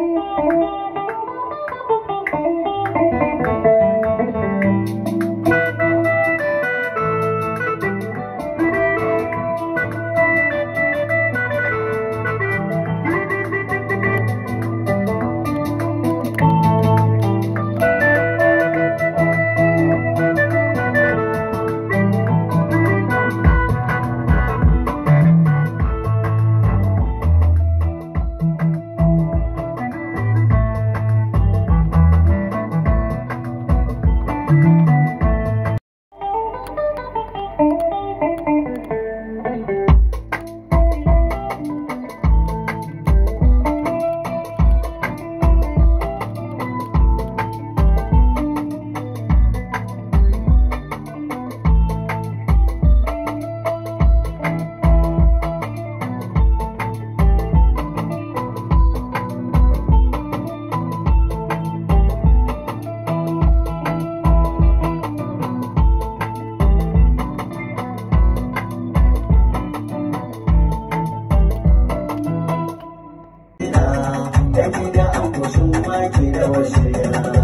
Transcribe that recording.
Música gida an kushin ke da wasu yara